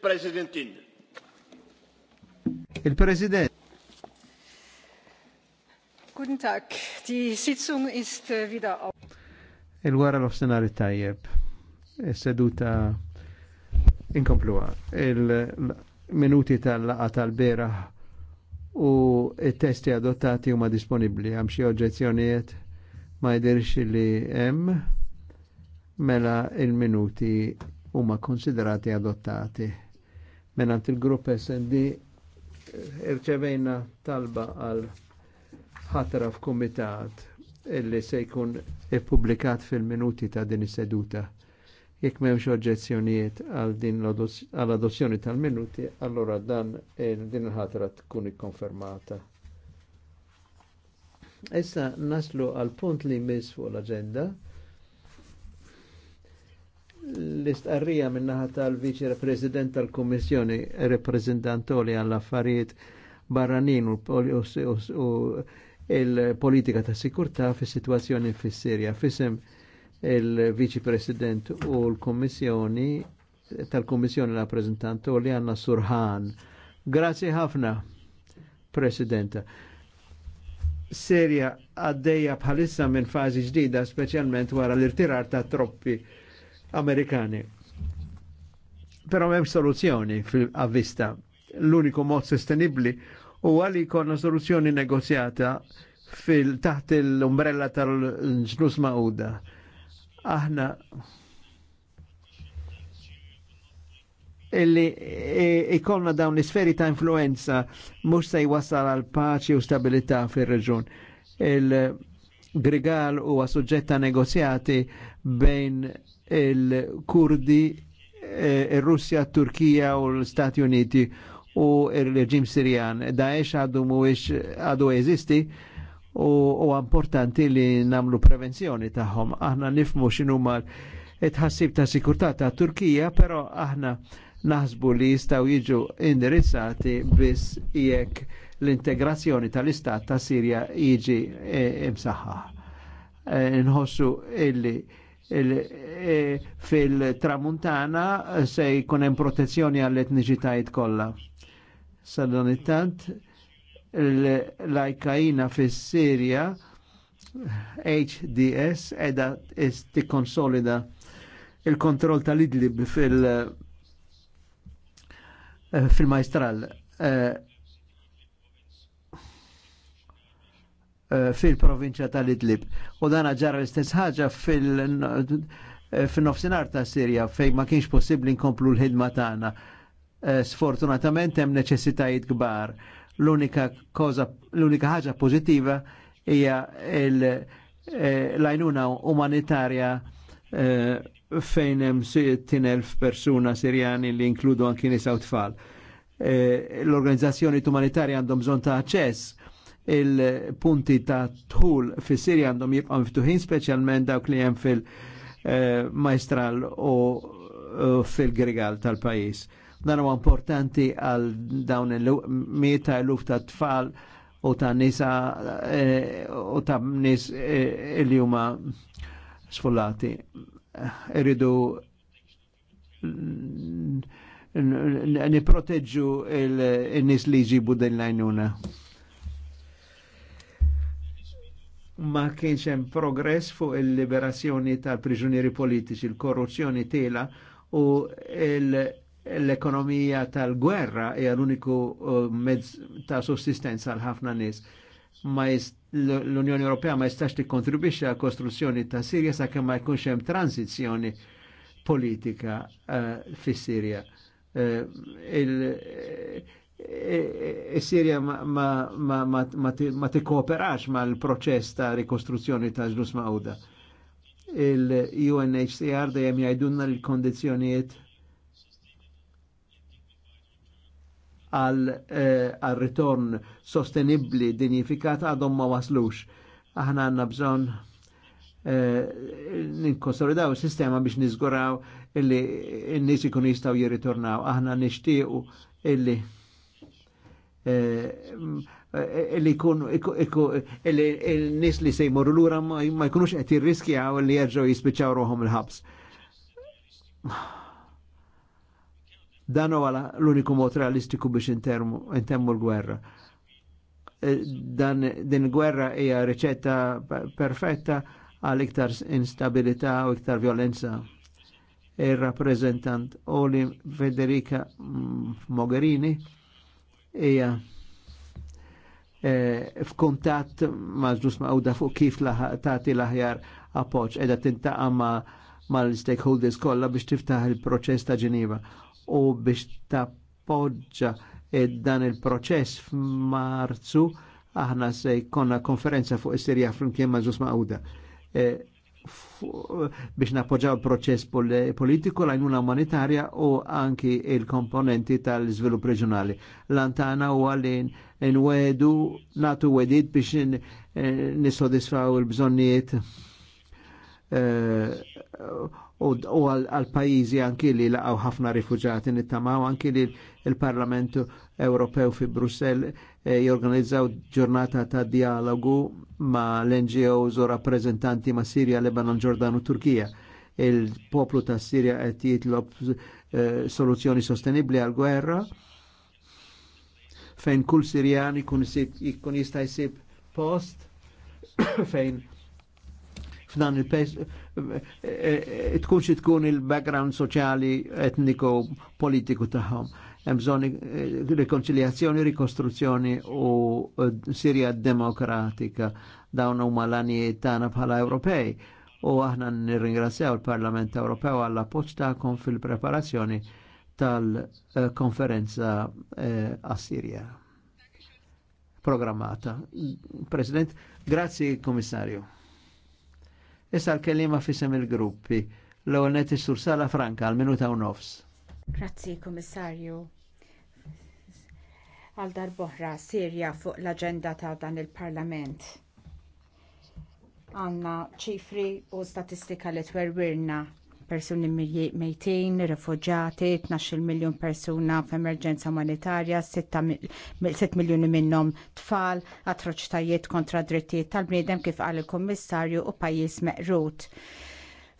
Presidentin. Il-President. Guten Tag, die Sitzung ist äh, wieder auf. Il-wara l-ofsenari tajjeb. Seduta inkompluwa. Il-minuti tal-laqa tal-bera u il-testi adottati huma disponibli. Għam xie oġġezzjonijiet ma jidirx li hemm mela il-minuti huma konsiderati adottati. Menant il-grupp SD irċevejna talba għal ħatra f'kumitat illi se jkun ippubblikat fil-minuti ta' din is-seduta. Jekk m'hemmx oġġezzjonijiet għal din l-adozzjoni tal-minuti, allora dan din il-ħatra tkun ikkonfermata. Issa naslu għal punt li jmiss fuq l-aġenda L-istqarrija minnaħa tal-Viċi President tal-Kommissjoni Reprezentantoli għall-Affarijiet Barranin u il-politika ta' sikurta fis situazzjoni fis sirja Fisem il-Viċi President u l-Kommissjoni tal-Kommissjoni Rappresentantoli għanna Surħan. Grazie ħafna, Presidenta. Serja għaddeja bħalissa minn fazi ġdida, specialment wara l-irtirar ta' troppi Amerikani. Però m'hemmx soluzzjoni fil-avvista. L-uniku mod sostenibbli u għalli konna soluzzjoni negozjata fil taħt l-umbrella tal-ġnus ma'uda. Aħna illi ikonna e, e dawn l-sferi ta' influenza mux se jwassal għal paċi u stabilità fil-reġun. Il-Grigal u suġġett ta' negozjati bejn il-Kurdi, eh, il-Russja, Turkija u l-Stati Uniti u il-reġim Sirjan. Daesh għadu mhuwiex għadu eżisti u, u importanti li namlu prevenzjoni taħħom. Aħna nifmu xinu it-ħassib ta' sikurtà ta' Turkija, però aħna naħsbu li jistaw jiġu indirizzati biss jekk l-integrazzjoni tal-istat ta' Sirja jiġi eh, imsaħħa. Eh, nħossu illi E fil-tramuntana eh, se jkun hemm protezzjoni għall-etniċitajiet kollha. Sadan it-tant l lajkajina fis-Sirja HDS edha konsolida il-kontroll tal-Idlib fil- eh, fil-majstral. Uh, eh, fil-provinċja tal-Idlib. U dana ġara l-istess ħaġa fil nofsinar ta' Sirja fej ma kienx possibli nkomplu l-ħidma tagħna. Eh, sfortunatament hemm neċessitajiet kbar. L-unika koza, l-unika ħaġa pożittiva hija eh, l-għajnuna umanitarja eh, fejn hemm 60,000 persuna Sirjani li inkludu anki nisa u tfal. L-organizzazzjoni umanitarja għandhom bżonn ta' aċċess il-punti ta' tħul fi Sirja għandhom jibqaw miftuħin speċjalment dawk li hemm fil-Majstral u fil-Grigal tal-pajis. Dan huwa importanti għal dawn il-mieta l-luf ta' tfal u ta' nisa u ta' nis li huma sfullati. Irridu niproteġġu il-nis li jġibu din l-għajnuna. ma kienx hemm progress fuq il-liberazzjoni tal-priġunieri politiċi, il-korruzzjoni tela u l-ekonomija tal-gwerra hija l-uniku uh, mezz ta' sussistenza għal ħafna nies. l-Unjoni Ewropea ma jistax tikkontribwixxi għal kostruzzjoni ta' Sirja sakemm ma jkunx hemm tranzizzjoni politika uh, fis-Sirja. Uh, Sirja ma ti kooperax ma l proċess ta' rikostruzzjoni ta' ġlus ma'uda. Il-UNHCR dejjem jajdunna l kondizjoniet eh, għal ritorn sostenibli dinifikat għadhom ma waslux. Aħna għanna bżon eh, ninkonsolidaw il sistema biex nizguraw illi n-nis ikun jistaw jirritornaw. Aħna nishtiqu illi Eh, li kun il-nis li se jmorru lura ma jkunux qed jirriskjaw li jerġgħu jispiċċaw ruħhom il-ħabs. Dan huwa l-uniku mod realistiku biex intemmu l-gwerra. Eh, dan din gwerra hija riċetta perfetta għal iktar instabilità u iktar violenza. Il-rappresentant Oli Federica Mogherini hija eh, f'kuntatt ma' għawda fuq kif tagħti l-aħjar appoġġ qiegħda tintaqa' mal-stakeholders kollha biex tiftaħ il-proċess ta' Ġeniva u biex tappoġġa eh, dan il-proċess f'Marzu aħna se jkollna konferenza fuq is-Sirja flimkien maġnus ma' għawda biex nappoġġaw il-proċess politiku, l-għajnuna umanitarja u anki il-komponenti tal-izvilupp reġjonali. L-antana u għallin wedu natu wedid biex nisodisfaw il-bżonniet eh, u għal pajizi anki li laqaw ħafna rifuġati nittamaw anki li il-Parlamentu Ewropew fi Brussel E, jorganizzaw ġurnata ta' dialogu ma' l-NGOs u rappresentanti ma' Sirja, Lebanon, Ġordan u Turkija. Il-poplu ta' Sirja qed jitlob e, soluzzjoni sostenibli għal gwerra fejn kull Sirjan ikun jista' jsib post fejn f'dan il-pes e, tkun xi tkun il-background soċjali etniku politiku tagħhom hemm bżonn rikonċiljazzjoni, rikostruzzjoni u eh, Sirja demokratika dawn huma l-għanijiet tagħna bħala Ewropej. U aħna nirringrazzjaw il-Parlament Ewropew għall appoġġ tagħkom fil-preparazzjoni tal-konferenza għas-Sirja eh, programmata. President, grazzi komissarju. Issa l-kellima fissem il-gruppi l għonet is-sursala franka għal minuta u nofs. Grazzi, Commissario għal darboħra Sirja fuq l aġenda ta' dan il-Parlament. Għanna ċifri u statistika li twerwirna persuni mejtin, rifugġati, 12 miljon persuna f'emerġenza umanitarja, 6 miljoni minnhom tfal, atroċtajiet kontra drittijiet tal-bniedem kif qal il-Kummissarju u pajjiż meqrut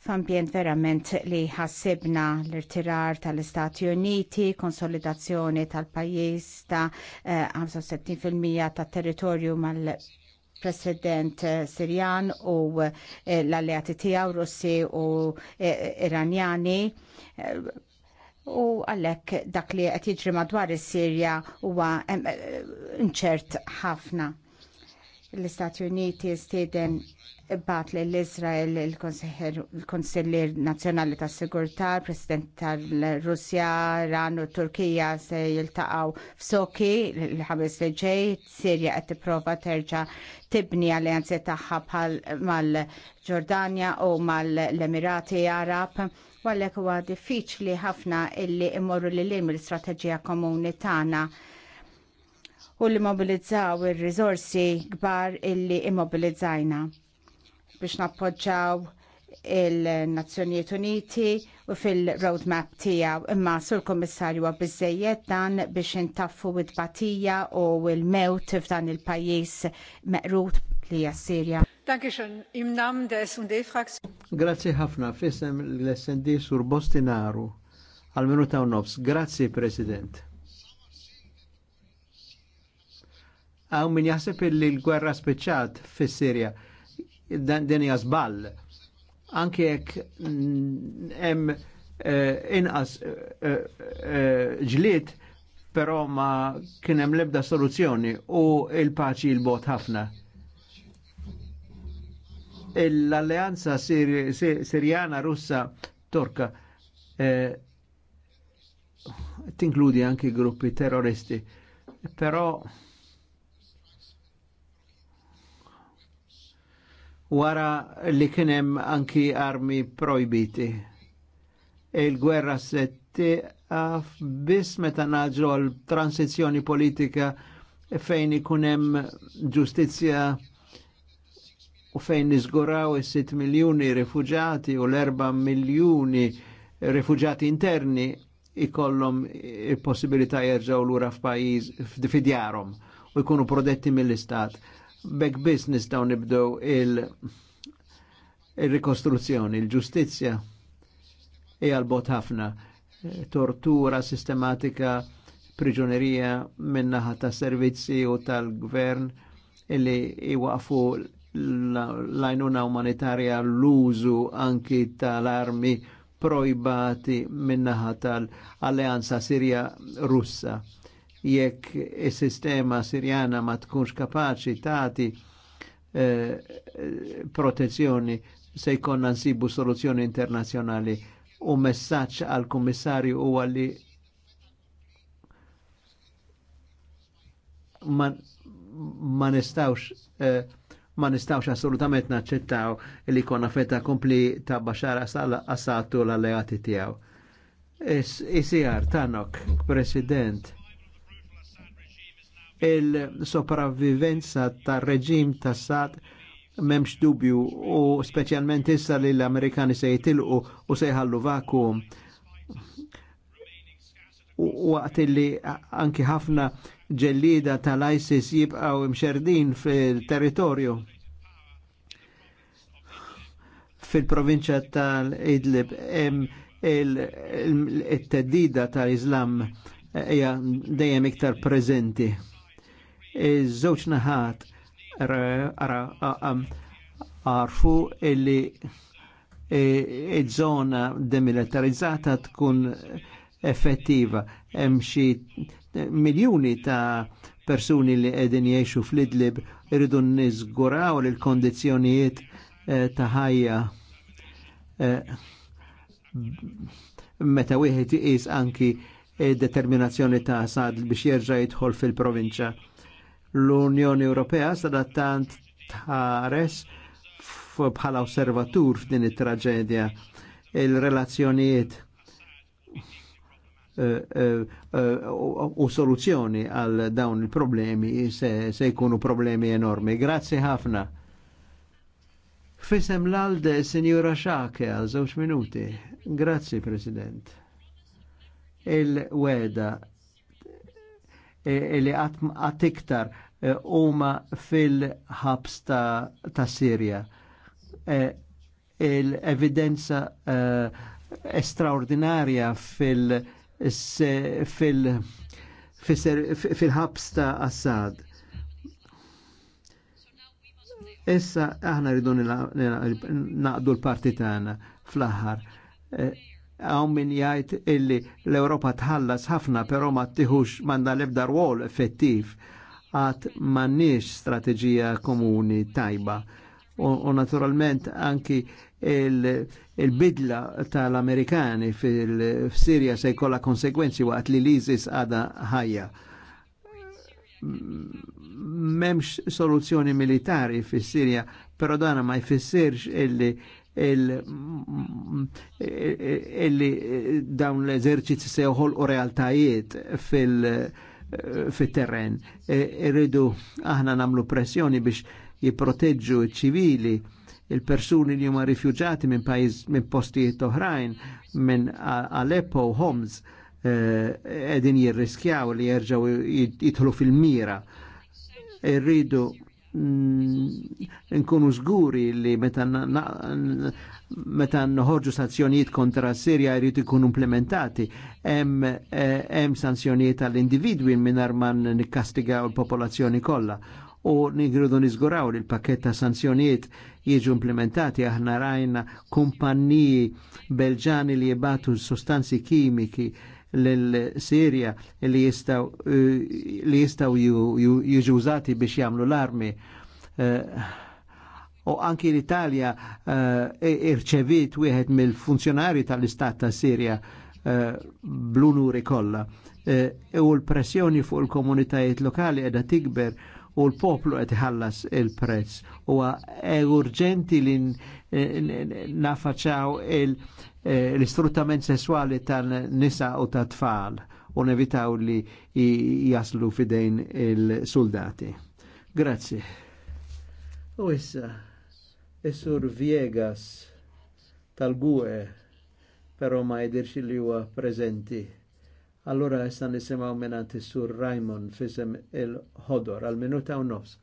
f'ambjent verament li ħassibna l-irtirar tal-Istati Uniti, konsolidazzjoni tal-pajjiż ta' 65% eh, tat-territorju mal President eh, Sirjan u eh, l-alleati tiegħu Russi u Iranjani u għalhekk dak li qed jiġri madwar is-Sirja huwa inċert ħafna l-Istati Uniti stieden bat l izrael il-Konsillir Nazzjonali tas Sigurtà, President tal-Russja, Iran u Turkija se jiltaqgħu f'Soki l-ħames li ġej, Sirja qed tipprova terġa' tibni alleanzi tagħha mal-Ġordanja u mal-Emirati Arab. Għalhekk huwa diffiċli ħafna illi immorru lil l-istrateġija komuni tagħna u li mobilizzaw ir rizorsi gbar kbar illi immobilizzajna biex nappoġġaw il-Nazzjonijiet Uniti u fil-roadmap tiegħu imma sur kommissarju għabizzejiet dan biex intaffu id-batija u l-mewt f'dan il-pajjiż meqrut li hija Sirja. Dankeschön. Im Namen der sd Grazie ħafna fissem l-SND sur Bostinaru. Al minuta u nofs. Grazie President. Għaw min jaħseb li l-gwerra speċat fis sirja din hija żball. jek jekk mm, hemm eh, inqas eh, eh, ġlied, però ma kien hemm l soluzzjoni u il-paċi l-bot ħafna l-alleanza sirjana russa torka tinkludi anche gruppi terroristi però wara li kienem anki armi projbiti. Il-gwerra setti għaf bis meta naġlu għal transizjoni politika fejn ikunem ġustizja u fejn nizguraw is-6 miljuni rifugjati u l-4 miljuni rifugjati interni ikollhom il-possibilità jerġgħu lura f'pajjiż f'djarhom u jkunu prodetti mill-istat big business dawn nibdew il-rikostruzzjoni, il il-ġustizja e għal bot ħafna. Tortura sistematika, priġunerija minnaħa ta' servizzi u tal-gvern illi iwaqfu l-għajnuna umanitarja l-użu anki tal-armi projbati minnaħa tal-Alleanza Sirja Russa jekk il sistema Sirjana ma tkunx kapaċi tati eh, protezzjoni se jkollna nsibu soluzzjoni internazjonali u messaċ għal kummissarju u għalli ma, ma nistawx eh, ma nistawx assolutament naċċettaw li konna feta kompli ta' Bashar Assad u l-alleati tiegħu. Is-sijar, e Tanok, President, il-sopravvivenza tar reġim ta' Sad memx dubju u specialment issa li l-Amerikani se jitilqu u se jħallu vakum u waqt li anki ħafna ġellida tal-ISIS jibqaw imxerdin fil-territorju fil-provinċja tal-Idlib il-teddida tal-Islam hija dejjem iktar preżenti Iż-żewġ naħat għarfu illi e, iż-żona demilitarizzata tkun effettiva. Hemm xi miljuni ta' persuni li qegħdin jgħixu fl-idlib irridu niżguraw l kondizzjonijiet e, ta' ħajja e, meta wieħed iqis anki determinazzjoni ta' sad biex jerġa' jidħol fil-provinċja. L-Unjoni Ewropea sadattant tħares bħala osservatur f'din it-traġedja il-relazzjonijiet eh, eh, eh, u soluzzjoni għal dawn il-problemi se, jkunu problemi enormi. Grazzi ħafna. Fisem l-alde Signora Xake għal żewġ minuti. Grazzi, President. Il-weda Eh, li għat iktar eh, huma fil-ħabs ta' Sirja. Eh, il-evidenza estraordinarja fil-ħabs ta' Assad. Issa aħna rridu naqdu l-parti tagħna fl-aħħar għaw min jgħajt illi l-Europa tħallas ħafna pero ma tiħux manda lebda rwol effettiv għat mannix strategija komuni tajba. U, u naturalment anki il-bidla il tal-Amerikani fil-Sirja se jkolla konsekwenzi waqt li l-ISIS għada ħajja. Memx soluzzjoni militari fil-Sirja, pero dana ma jfissirx illi illi dawn l-eżerċizzi seħol u realtajiet fil- terren e, Irridu aħna namlu pressjoni biex jiproteġġu ċivili il-persuni li huma rifjuġati minn pajjiż minn postijiet oħrajn minn Aleppo u Homs e, edin jirriskjaw li jerġgħu jidħlu fil-mira. Irridu Mm, nkunu zguri li meta nħorġu sanzjonijiet kontra Sirja jrid ikunu implementati. Hemm eh, hemm sanzjonijiet għall-individwi mingħajr ma nikkastigaw l popolazzjoni kollha. U nigridu niżguraw li l-pakket ta' sanzjonijiet jiġu implementati aħna rajna kumpanniji Belġani li jibatu sostanzi kimiki l-Sirja li jistaw li jużati biex jamlu l-armi. U anki l-Italja irċevit wieħed mill-funzjonari tal-Istat ta' Sirja bl-unuri kollha. U l-pressjoni fuq il-komunitajiet lokali edha tikber u l-poplu qed iħallas il-prezz. Huwa urġenti li nafaċaw il- Eh, l-istruttament sessuali tal-nisa u tat-tfal u nevitaw li jaslu fidejn il-soldati. Grazie. U issa, Isur Viegas tal-Gue, pero ma jidirxi li huwa prezenti. Allora issa nisimaw minnant Isur Raymond fisem il-ħodor għal-minuta u nofs.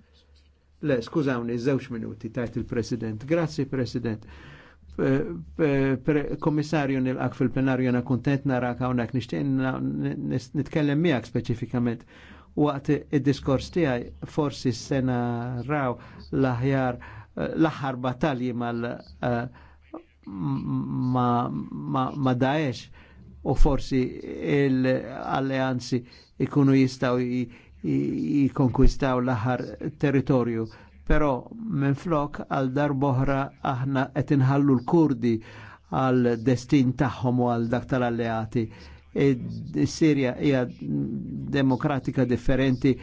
Le, skużawni, zewx minuti, tajt il-President. Grazie, President komissarju nil-għak fil-plenarju jena kontent narak għonek nishtiq nitkellem miegħek speċifikament waqt id-diskors tiegħi forsi s-sena raw l-aħjar l-aħħar battalji mal ma, ma, ma Daesh u forsi l-alleanzi ikunu jistaw jikonkwistaw l-aħħar territorju Pero minn flok għal darboħra aħna qed inħallu l-Kurdi għal destin tagħhom u għal dak tal-alleati. is Sirja hija demokratika differenti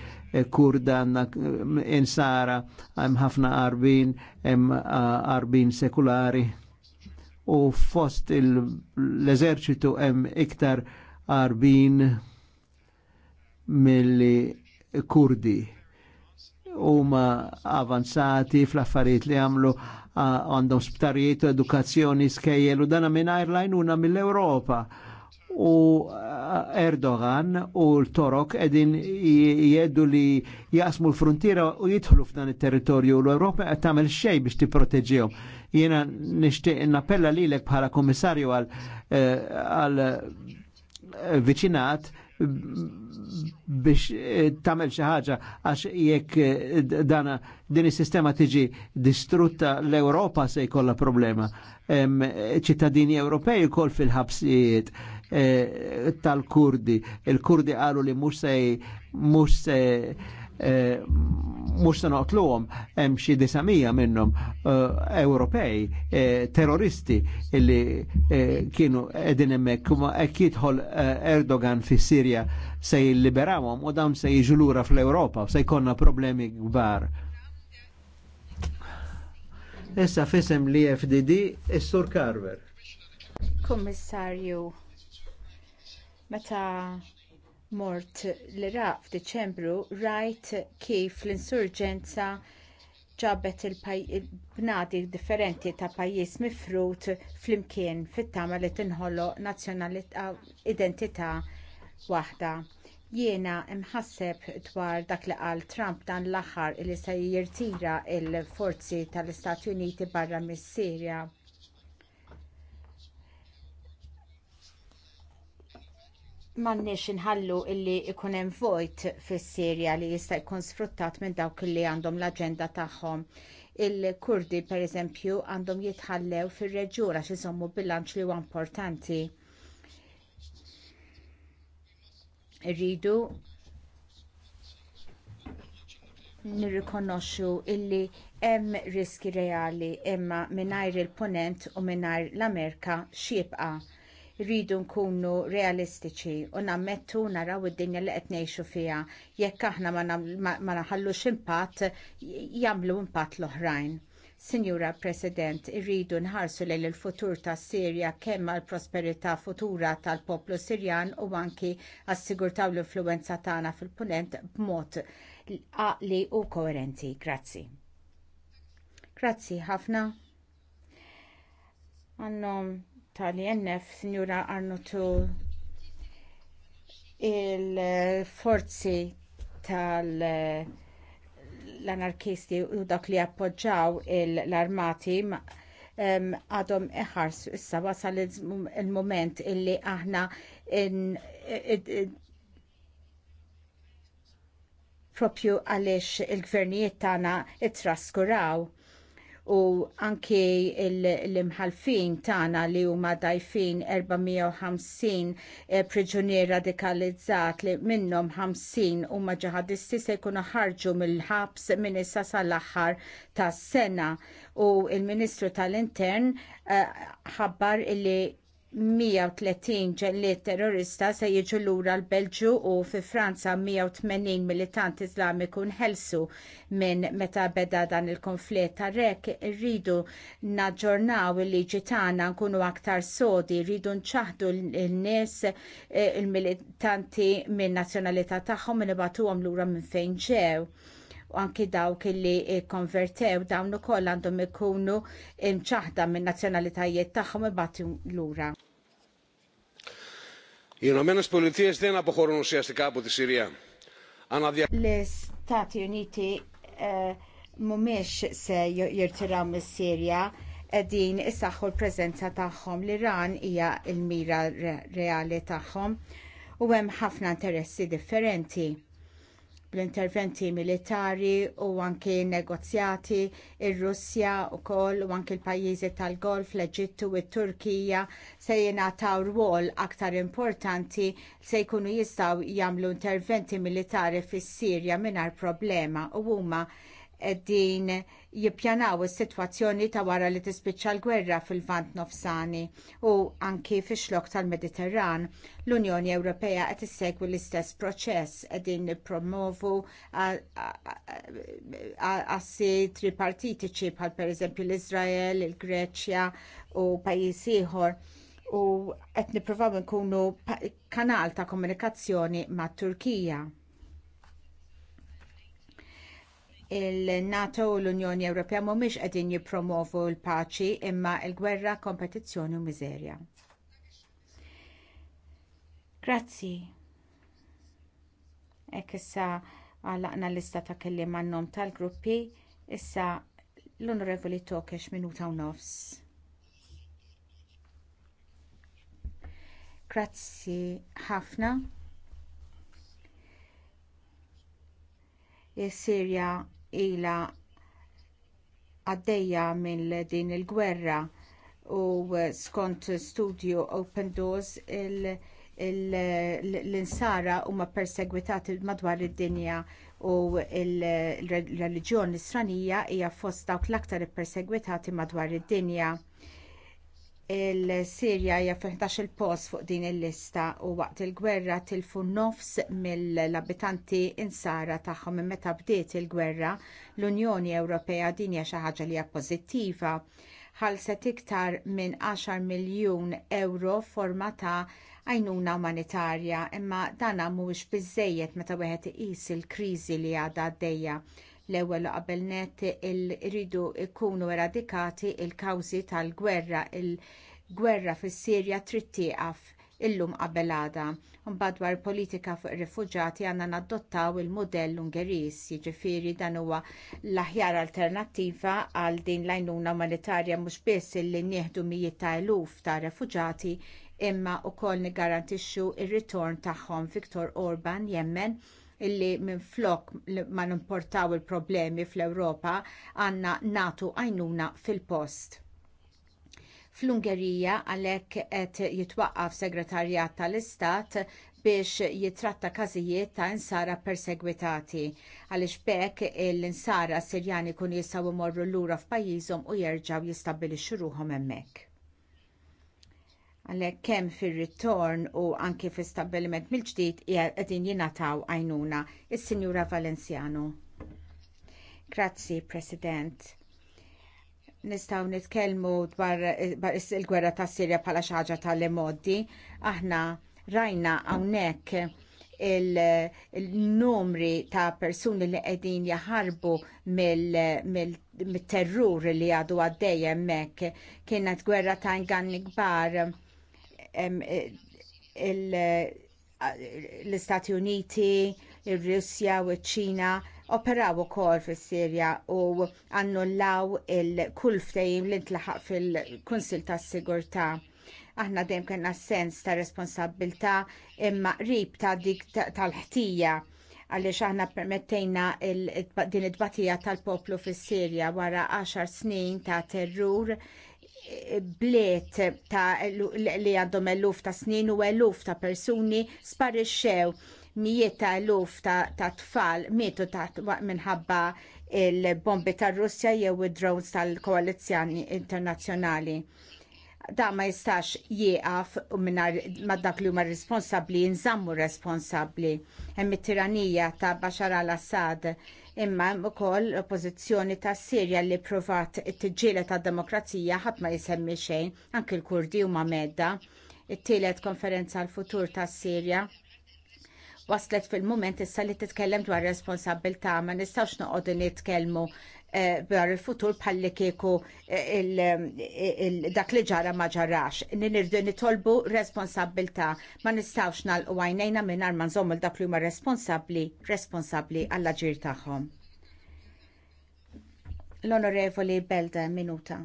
e kurda għandna insara hemm ħafna qarbin, hemm qarbin sekulari u fost l-eżerċitu hemm iktar qarbin mill kurdi huma avanzati fl-affarijiet li għamlu għandhom sptarijiet u edukazzjoni skejjel u dana mingħajr lajnuna mill europa U Erdogan u l-Torok edin jeddu li jasmu l-frontiera u jidħlu f'dan il-territorju u l-Europa qed tagħmel xej biex n Jiena nixtieq l lilek bħala komissarju għal eh, eh, viċinat biex eh, tamel xi ħaġa għax jekk eh, dana din is-sistema tiġi distrutta l-Ewropa se jkollha problema. Ċittadini Ewropej ukoll fil-ħabsijiet eh, tal-Kurdi. Il-Kurdi qalu li mhux se mhux Eh, mux sanaqtluhom hemm xi disamija minnhom eh, Ewropej eh, terroristi illi kienu qegħdin hemmhekk hekk jidħol Erdogan fis Sirja se jilliberawhom u dawn se jiġu lura fl-Ewropa u se jkollna problemi kbar. Issa fisem li FDD is-Sur Carver. Kommissarju, meta mort l-Iraq f'Diċembru rajt kif l-insurġenza ġabet il-bnadi differenti ta' pajjiż mifrut flimkien fit-tama li tinħoloq nazzjonalità identità waħda. Jiena imħasseb dwar dak li qal Trump dan l-aħħar li se jirtira l forzi tal-Istati Uniti barra mis-Sirja mannix inħallu illi ikunem vojt fis sirja li jista' jkun sfruttat minn dawk li għandhom l-agenda tagħhom. Il-Kurdi, per eżempju, għandhom jitħallew fir reġjun għax sommu bilanċ li huwa importanti. Irridu nirrikonoxxu illi hemm riski reali imma mingħajr il-punent u mingħajr l-Amerika x'jibqa' rridu nkunu realistiċi u nammettu naraw id-dinja li qed ngħixu fiha jekk aħna ma naħallux impatt jagħmlu impatt l-oħrajn. Sinjura President, irridu nħarsu lejn il-futur tas Sirja kemm għall prosperità futura tal-poplu Sirjan u anki assigurtaw l-influenza tagħna fil-punent b'mod għaqli u koerenti. Grazzi. Grazzi ħafna. Għannom tal-INF, Signora Arnotu, il-forzi tal-anarkisti u dak li appoġġaw l-armati għadhom iħars issa wasal il mument illi aħna propju għaliex il-gvernijiet tagħna ittraskuraw u anke l-imħalfin tagħna li huma dajfin 450 eh, priġunier radikalizzat li minnhom 50 huma ġihadisti se jkunu ħarġu mill-ħabs minn sal-aħħar tas-sena u l-Ministru tal-Intern eh, ħabbar uh, 130 ġellied terrorista se jiġu lura l-Belġu u fi Franza 180 militant Iżlamiku nħelsu minn meta beda dan il-konflitt. Tarrek rridu naġġornaw il-liġi tagħna nkunu aktar sodi, rridu nċaħdu l-nies eh, il-militanti minn nazzjonalità tagħhom nibatuhom lura minn fejn ġew u anki dawk li konvertew dawn ukoll għandhom ikunu imċaħda minn nazzjonalitajiet tagħhom ibatu lura. Οι Ηνωμένε dena δεν αποχωρούν ουσιαστικά από τη Συρία. L-Stati Uniti mumiex se jirtiraw mis-Sirja din isaħħu l-preżenza tagħhom l-Iran hija l-mira reali tagħhom u hemm ħafna interessi differenti bl-interventi militari u anki negozjati il russja u koll u anki l-pajjiżi tal-Golf, l-Eġittu u t-Turkija se jingħataw rwol aktar importanti se jkunu jistgħu jagħmlu interventi militari fis-Sirja mingħajr problema u huma din jippjanaw is-sitwazzjoni ta' wara li tispiċċa l-gwerra fil-vant nofsani u anki fix-xlok tal-Mediterran. L-Unjoni Ewropea qed issegwi l-istess proċess qegħdin nippromovu assi tripartitiċi bħal pereżempju l-Iżrael, il-Greċja u pajjiż ieħor u qed nippruvaw nkunu kanal ta' komunikazzjoni mat Turkija il-NATO u l-Unjoni Ewropea mhumiex qegħdin jippromovu l-paċi imma l-gwerra, kompetizzjoni u miżerja. Grazzi. Ek issa għallaqna l-lista ta' kelliem għannom tal-gruppi, issa l-Onorevoli Tokex minuta u nofs. Grazzi ħafna. Is-Sirja ila għaddejja minn din il-gwerra u skont studju Open Doors l-insara huma persegwitati madwar id-dinja u l-reliġjoni stranija hija fost dawk l-aktar perseguitati madwar id-dinja il-Sirja hija fiħdax 11 il post fuq din il-lista u waqt il-gwerra tilfu nofs mill-abitanti insara tagħhom meta bdiet il-gwerra l-Unjoni Ewropea din hija xi ħaġa li hija pożittiva ħalset iktar minn 10 miljun euro forma ta' għajnuna umanitarja imma dan mhuwiex biżżejjed meta wieħed iqis il-kriżi li għadha għaddejja L-ewwel qabel net irridu jkunu eradikati il-kawżi tal-gwerra. Il-gwerra fis-Sirja trid tieqaf illum qabel għada. Mbagħad dwar politika fuq ir-rifuġati għandna nadottaw il-modell Ungeris, jiġifieri dan huwa l-aħjar alternattiva għal din l-għajnuna umanitarja mhux biss li nieħdu mijiet ta' eluf ta' rifuġati imma wkoll niggarantixxu r ritorn tagħhom Viktor Orban Jemmen illi minflok ma nimportaw il-problemi fl-Ewropa għandna natu għajnuna fil-post. Fl-Ungerija għalhekk qed jitwaqqaf segretarjat tal-Istat biex jitratta każijiet ta' insara persegwitati għaliex bekk l-insara Sirjani kun morru imorru lura f'pajjiżhom u jerġgħu jistabili ruhom hemmhekk għalhekk kemm fil ritorn u anke fl-istabbiliment mill-ġdid qegħdin jingħataw għajnuna is-Sinjura Valenzjano. Grazzi, President. Nistgħu nitkellmu dwar il-gwerra tas Sirja bħala xi ħaġa tal-modi, aħna rajna hawnhekk il-numri ta' persuni li qegħdin jaħarbu mill-terrur mil, li għadu għaddej hemmhekk kienet gwerra ta' inganni kbar l-Istati Uniti, ir-Russja u ċ-Ċina operaw ukoll fis-Sirja u annullaw il-kull ftehim li ntlaħaq fil-Kunsil tas-Sigurtà. Aħna dejjem kellna sens ta' responsabbiltà imma qrib ta' dik tal-ħtija għaliex aħna permettejna din it-tbatija tal-poplu fis-Sirja wara għaxar snin ta' terrur bliet li għandhom eluf ta' snin u eluf ta' persuni sparixxew mijiet ta' eluf ta' tfal mietu minħabba il-bombi tar Russja jew id-drones tal-koalizzjoni internazzjonali. Da ma jistax jieqaf minnar ma dak li huma responsabbli, nżammu responsabbli. Hemm it-tiranija ta' Bashar al-Assad imma wkoll l-oppożizzjoni tas Sirja li provat t-tġiela ta' demokrazija ħadd ma jisemmi xejn, Anke l-Kurdi huma medda. It-tielet konferenza għall futur tas Sirja waslet fil mument issa li titkellem dwar responsabilità ma nistgħux noqogħdu nitkellmu bar eh, il-futur palli kieku eh, eh, dak li ġara ma ġarax. nitolbu responsabilta ma nistawx nal u għajnejna minn arman zommel dak li huma responsabli, responsabli għalla ġir taħħom. L-Onorevoli Belda, minuta.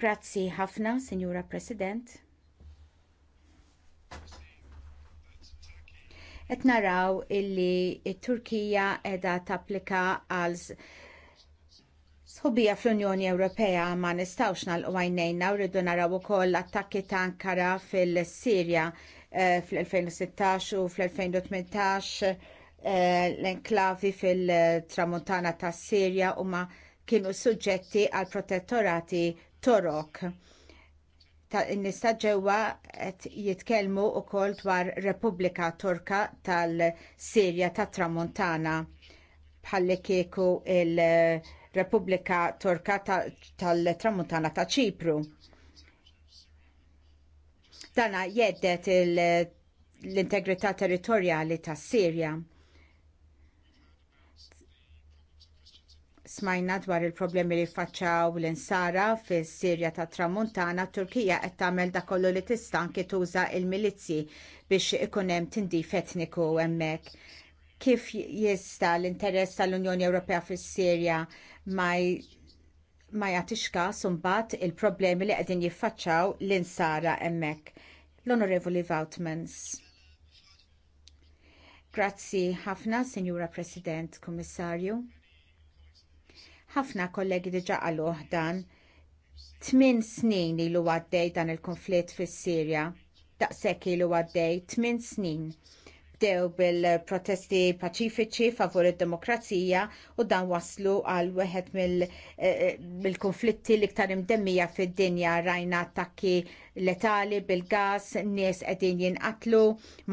Grazzi ħafna, Signora President qed naraw illi t Turkija qiegħda tapplika għal Sħubija fl-Unjoni Ewropea ma nistawx nalqu għajnejna u rridu naraw ukoll attakki ta' Ankara fil-Sirja eh, fl-2016 u fl-2018 eh, l-enklavi fil-tramuntana ta' Sirja u ma kienu suġġetti għal protettorati Torok nista ġewa ġewwa qed jitkellmu wkoll dwar Repubblika Turka tal-Sirja tat-Tramuntana bħalli kieku il-Repubblika Turka tal-Tramuntana ta' Ċipru. Dana jeddet l-integrità territorjali tas Sirja. smajna dwar il-problemi li faċċaw l-insara fis sirja tat tramuntana, Turkija qed tagħmel da kollu li tista' anke tuża l milizzi biex ikun hemm tindif etniku hemmhekk. Kif jista' l-interess tal-Unjoni Ewropea fis-Sirja ma ma jagħtix każ imbagħad il-problemi li qegħdin jiffaċċaw l-insara hemmhekk. L-Onorevoli Vautmans. Grazzi ħafna, Sinjura President, Kummissarju ħafna kollegi diġa għaluħ dan. Tmin snin ilu għaddej dan il-konflitt fis-Sirja. Daqshekk ilu għaddej tmien snin bdew bil-protesti paċifiċi favur id-demokrazija u dan waslu għal weħed eh, eh, mill-konflitti l-iktar imdemmija fid-dinja rajna attakki letali bil-gas, nies qegħdin jinqatlu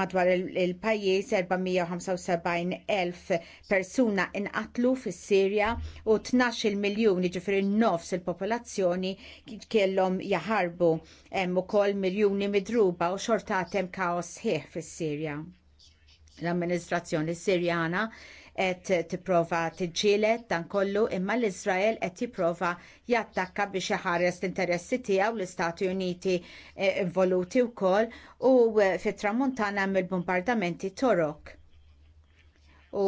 madwar il-pajjiż 475,000 persuna inqatlu fis-Sirja u 12 miljun jiġifieri nofs il-popolazzjoni kellhom jaħarbu hemm ukoll miljuni midruba u xortatem kaos ħieħ fis-Sirja. L-amministrazzjoni Sirjana qed tipprova tiġġieled dan kollu imma l-Iżrael qed jipprova jattakka biex iħares l-interessi tiegħu l-Istati Uniti eh, involuti wkoll u eh, fit-tramuntana mill bombardamenti Torok. U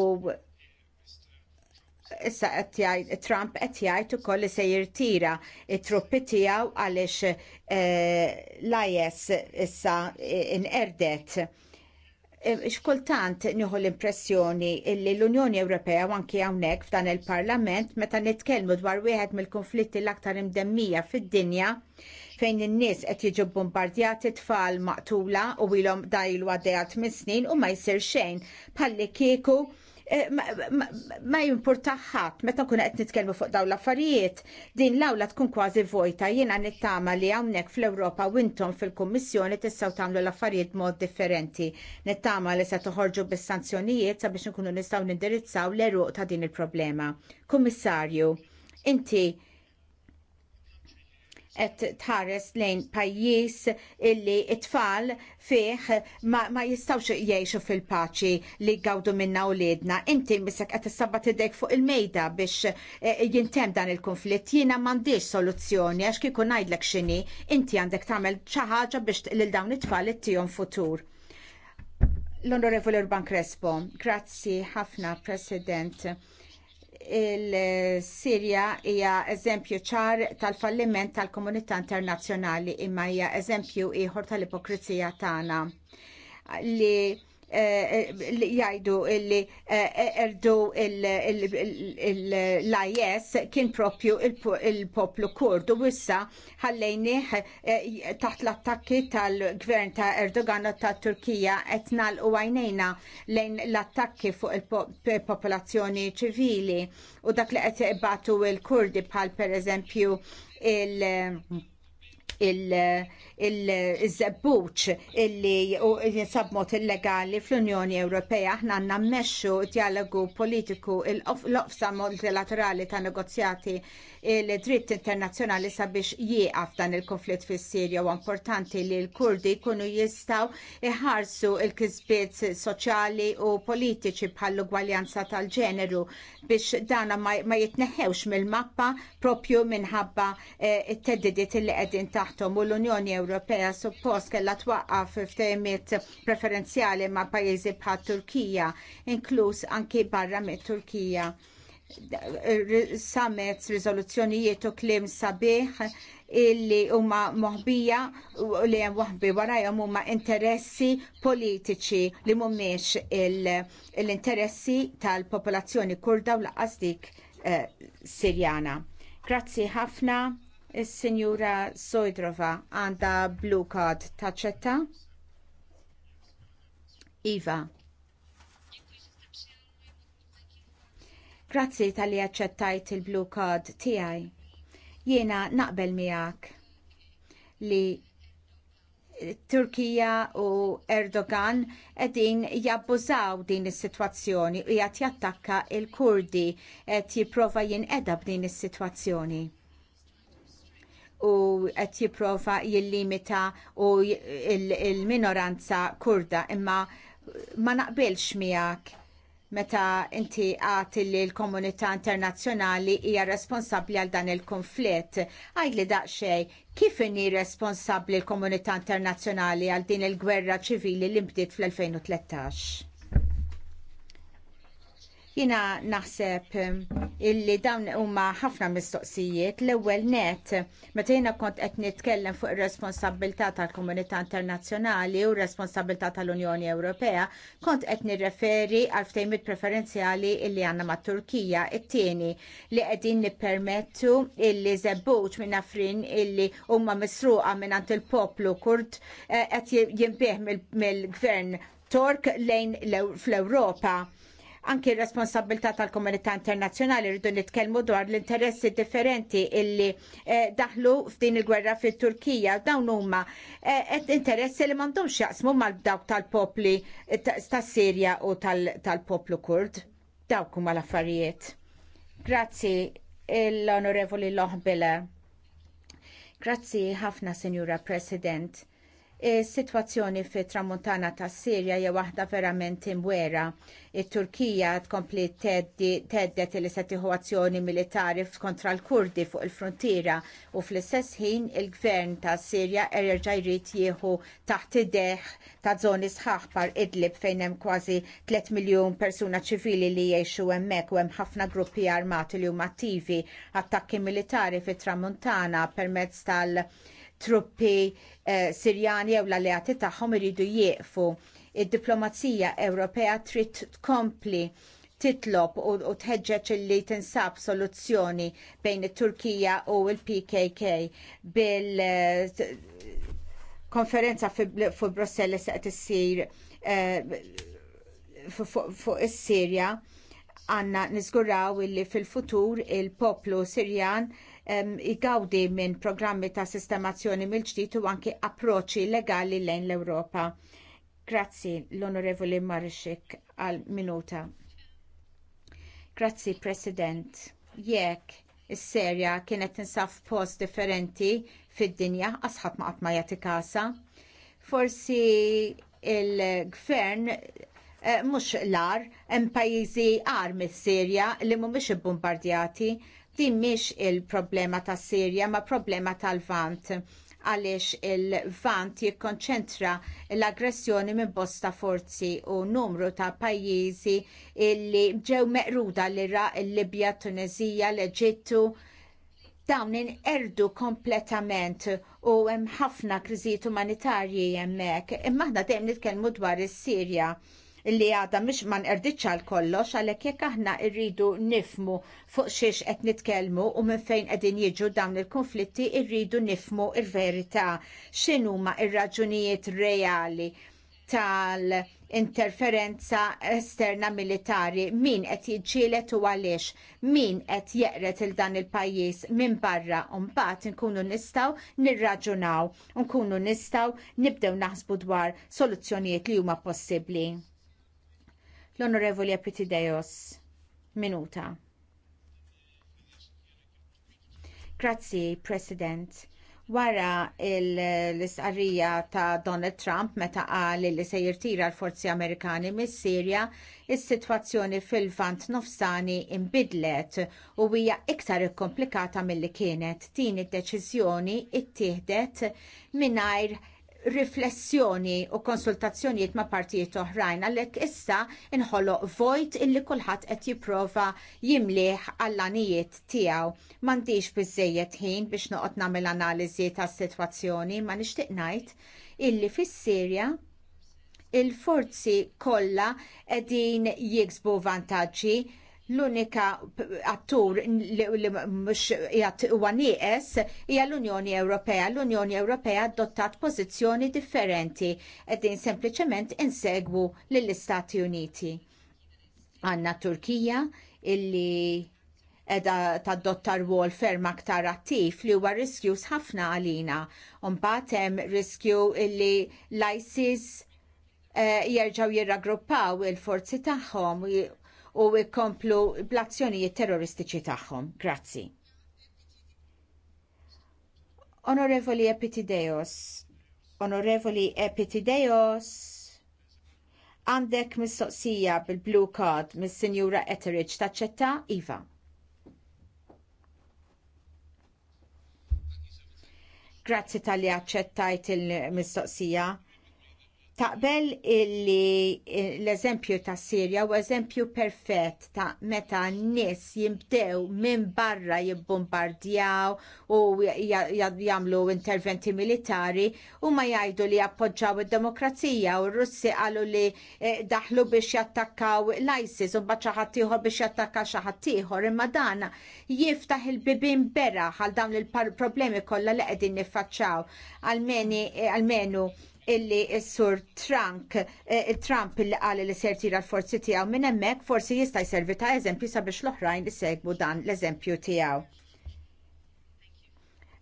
issa qed Trump qed jgħid ukoll li se jirtira t-truppi tiegħu għaliex eh, l-IS issa inqerdet xkultant nieħu l-impressjoni li l-Unjoni Ewropea u anki hawnhekk f'dan il-Parlament meta nitkellmu dwar wieħed mill-konflitti l-aktar imdemmija fid-dinja fejn in-nies qed jiġu bombardjati tfal maqtula u ilhom dajlu għaddejat minn snin u ma jsir xejn bħalli kieku Eh, ma jimportaħħat meta kuna qed nitkellmu fuq dawn l-affarijiet din l-awla tkun kważi vojta jiena nittama li hawnhekk fl-Ewropa u intom fil-Kummissjoni tissaw tagħmlu l-affarijiet mod differenti. Nittama li se toħorġu bis-sanzjonijiet sabiex nkunu nistgħu nindirizzaw l-eruq ta' din il-problema. Kummissarju, inti qed tħares lejn pajjiż illi t tfal fih ma, ma jistawx jgħixu fil-paċi li gawdu minna u ledna. Inti misek qed tissabat idejk fuq il-mejda biex eh, jintem dan il-konflitt. Jiena m'għandix soluzzjoni għax kieku ngħidlek x'inhi, inti għandek tagħmel xi ħaġa biex lil dawn it-tfal ittihom futur. L-Onorevoli Urban Crespo, grazzi ħafna President il-Sirja hija eżempju ċar tal-falliment tal-komunità internazzjonali imma hija eżempju ieħor tal-ipokrizija tagħna li Eh, li jgħidu eh, erdu l-IS kien propju il-poplu kurdu wissa ħallejnieh eh, taħt l-attakki tal-gvern ta' Erdogan u ta' Turkija etnal u għajnejna lejn l-attakki fuq il-popolazzjoni ċivili u dak li qed il-Kurdi bħal per eżempju il- il-zebbuċ illi u mod illegali fl-Unjoni Ewropea aħna għanna mmexxu dialogu politiku l-ofsa multilaterali ta' negozjati il-dritt internazzjonali sabiex jieqaf dan il-konflitt fis sirja u importanti li l-Kurdi jkunu jistaw iħarsu il-kisbiet soċjali u politiċi bħall-ugwaljanza tal-ġeneru biex dana ma jitneħewx mill-mappa propju minħabba eh, it-teddidiet li qegħdin taħtom u l-Unjoni Ewropea suppost kellha twaqqaf f'temiet preferenzjali ma' pajjiżi bħat Turkija, inkluż anki barra mit-Turkija samet rizoluzzjonijiet u klim sabiħ illi huma moħbija u li hemm waħbi warajhom huma interessi politiċi li mhumiex l-interessi tal-popolazzjoni kurda u laqas dik eh, Sirjana. Grazzi ħafna is-Sinjura Sojdrova għandha blue card taċċetta. Iva. Grazzi tal-li għacċettajt il-blue card tiegħi. Jiena naqbel miegħek li Turkija u Erdogan edin jabbużaw din is-sitwazzjoni u jgħat jattakka il-Kurdi qed jipprova jinqeda b'din is-sitwazzjoni u qed jipprova jillimita u il-minoranza kurda imma ma naqbilx miegħek meta inti għati li l-komunità internazzjonali hija responsabbli għal dan il-konflitt. Għajli daqxej, kif inni responsabbli l-komunità internazzjonali għal din il-gwerra ċivili li mbdiet fl-2013? Jina naħseb um, illi dawn huma ħafna mistoqsijiet l-ewwel net meta jiena kont qed nitkellem fuq ir-responsabilità tal-komunità internazzjonali u r-responsabilità tal-Unjoni Ewropea kont qed nirreferi għal ftejmiet preferenzjali illi għandna mat Turkija it-tieni li qegħdin nippermettu illi żebbuġ minn Afrin illi huma misruqa mingħand il-poplu Kurd eh, qed jinbih mill-gvern Tork lejn fl-Ewropa anki r-responsabilità tal-komunità internazzjonali rridu nitkellmu dwar l-interessi differenti illi eh, daħlu f'din il-gwerra fit-Turkija dawn huma eh, interessi li m'għandhomx jaqsmu mal-dawk tal-popli eh, tas-Sirja u tal-poplu Kurd. Dawk huma l-affarijiet. Grazzi l-Onorevoli Loħbile. Grazzi ħafna, Senjura President Is-sitwazzjoni fit tramuntana tas Sirja hija waħda verament imwera. It-Turkija tkompli teddet li se tieħu azzjoni militari kontra l-Kurdi fuq il-frontiera u fl-istess ħin il-gvern tas Sirja erġa' jrid jieħu taħt id-deħ ta' żoni sħaħ par Idlib fejn hemm kważi 3 miljun persuna ċivili li jgħixu hemmhekk u hemm ħafna gruppi armati li huma attivi attakki militari fit tramuntana permezz tal- truppi eh, Sirjani jew l-alleati tagħhom iridu jieqfu. Id-diplomazija Ewropea trid tkompli titlob u, u tħeġġeġ li tinsab soluzzjoni bejn it-Turkija u l-PKK bil eh, konferenza fu Brussell se qed issir eh, fuq is-Sirja għandna niżguraw li fil-futur il-poplu Sirjan igawdi minn programmi ta' sistemazzjoni mill-ġdid u anke approċċi legali lejn l-Ewropa. Grazzi l-Onorevoli Marixik għal minuta. Grazzi President. Jekk is-serja kienet tinsab post differenti fid-dinja asħab ma qatt ma jagħti kasa. Forsi il-gvern eh, mhux l-ar hemm pajjiżi għar mis serja li mhumiex ibbombardjati Din mhix il-problema ta' Sirja ma' problema tal-Vant għaliex il-Vant jikkonċentra l-aggressjoni minn bosta forzi u numru ta' pajjiżi illi ġew meqruda l-Iraq, il-Libja, Tunezija, l-Eġittu dawn erdu kompletament u hemm ħafna kriżijiet umanitarji hemmhekk, imma aħna dejjem nitkellmu dwar is-Sirja li għadha mish ma erdiċa l kollox għalhekk jekk aħna rridu nifmu fuq xiex qed nitkellmu u minn fejn qegħdin jiġu dawn il-konflitti rridu nifmu il-verità x'inhuma ir-raġunijiet reali tal-interferenza esterna militari, min qed jiġġielet u għaliex, min qed jeqret il dan il-pajjiż minn barra u mbagħad inkunu nistgħu nirraġunaw, nkunu nistgħu nibdew naħsbu dwar soluzzjonijiet li huma possibbli. L-Onorevoli Epitideos minuta. Grazzi, President. Wara l-isqarrija ta' Donald Trump meta qal li se jirtira l-forzi Amerikani mis-Sirja, is-sitwazzjoni fil-vant nofsani imbidlet u hija iktar ikkomplikata milli kienet din id-deċiżjoni ttieħdet mingħajr riflessjoni u konsultazzjonijiet ma' partijiet oħrajn għalhekk issa inħoloq vojt illi kulħadd qed jipprova jimliħ għall-anijiet tiegħu. M'għandix biżejjed ħin biex noqgħod nagħmel analiżi tas-sitwazzjoni ma nixtieq ngħid illi fis-Sirja il-forzi kollha qegħdin jiksbu vantaġġi l-unika attur li mhux huwa nieqes hija l-Unjoni Ewropea. L-Unjoni Ewropea adottat pożizzjoni differenti qegħdin sempliċement insegwu lill-Istati Uniti. Għanna Turkija illi edha tadotta rwol ferm aktar attiv li huwa riskjus ħafna għalina. Mbagħad hemm riskju illi l-ISIS e, jerġgħu jirraggruppaw il-forzi tagħhom u jkomplu bl-azzjonijiet terroristiċi tagħhom. Grazzi. Onorevoli Epitideos, Onorevoli Epitideos, għandek mistoqsija bil-blue card mis-Sinjura Etheridge taċċetta Iva. Grazzi tal-li għacċettajt il-mistoqsija taqbel illi eh, l-eżempju ta' Sirja u eżempju perfett ta' meta n-nies jimbdew minn barra jibbombardjaw u jagħmlu interventi militari u ma jgħidu li appoġġaw id-demokrazija u r-Russi qalu li eh, daħlu biex jattakkaw l-ISIS u mbagħad xi biex jattakka xi ħadd ieħor imma dan jiftaħ il-bibin beraħ għal dawn il-problemi kollha li qegħdin għal eh, għalmenu illi s-sur eh, Trump, Trump illi għal li ser tira l-forzi tijaw minn emmek forsi jista' servi ta' eżempju sabiex l-oħrajn segbu dan l-eżempju tijaw.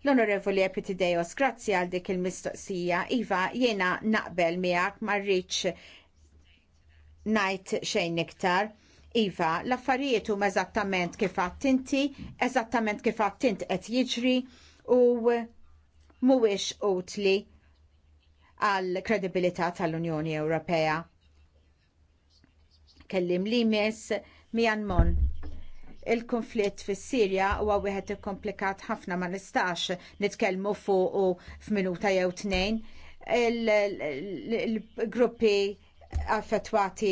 L-Onorevoli Epiti Dejos, grazzi għal dik il-mistoqsija. Iva, jena naqbel miegħek marriċ najt xejn iktar. Iva, l-affarijiet huma eżattament kif għatt inti, eżattament kif għattint int qed jiġri u mhuwiex utli għal kredibilità tal-Unjoni Ewropea. Kellim li mis Myanmar il-konflitt fis sirja huwa wieħed ikkomplikat ħafna ma nistax nitkellmu fuq u f'minuta jew tnejn il-gruppi affettwati